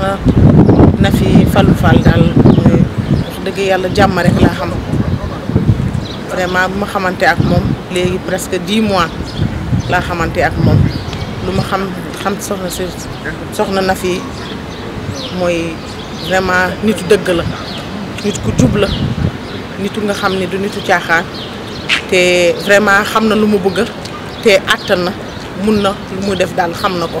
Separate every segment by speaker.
Speaker 1: sama na fi mooy yàlla jàmm rek laa xam vraiment bu ma xamante ak moom léegi presque dix mois laa xamante moom lu ma xam xam soxna si soxna na fi mooy vraiment nitu dëgg la nit ku jub la nitu nga xam ni du nitu caaxaan te vraiment xam na lu mu bëgg te àttan na mun na lu mu def daal xam na ko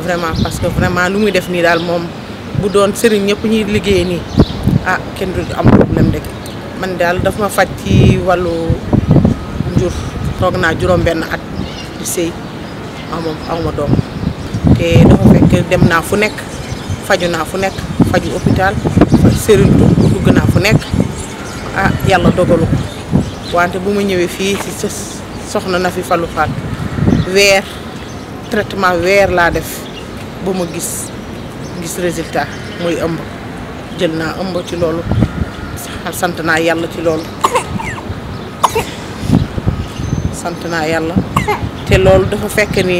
Speaker 1: vraiment parce que vraiment lu muy def ni dal mom bu doon serigne ñëpp ñi liggéey ni ah kenn du am problème dekk man dal daf ma fajj ci walu njur tok na ben at di sey aw moom aw ma doom te dafa fekk dem na fu nek faju na fu nek faju hôpital du dugg na fu nek ah yalla dogalu wante bu ma ñëwee fii soxna na fi fallu fat weer traitement weer la def ba ma gis gis résultat mooy ëmb jël naa ëmb ci loolu sant naa yàlla ci loolu sant naa yàlla te loolu dafa fekk ni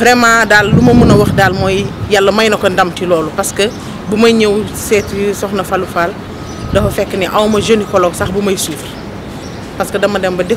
Speaker 1: vraiment daal lu ma mën a wax daal mooy yàlla may na ko ndam ci loolu parce que bu may ñëw seeti soxna Fallou Fall dafa fekk ni awma gynécologue sax bu may suivre parce dama dem ba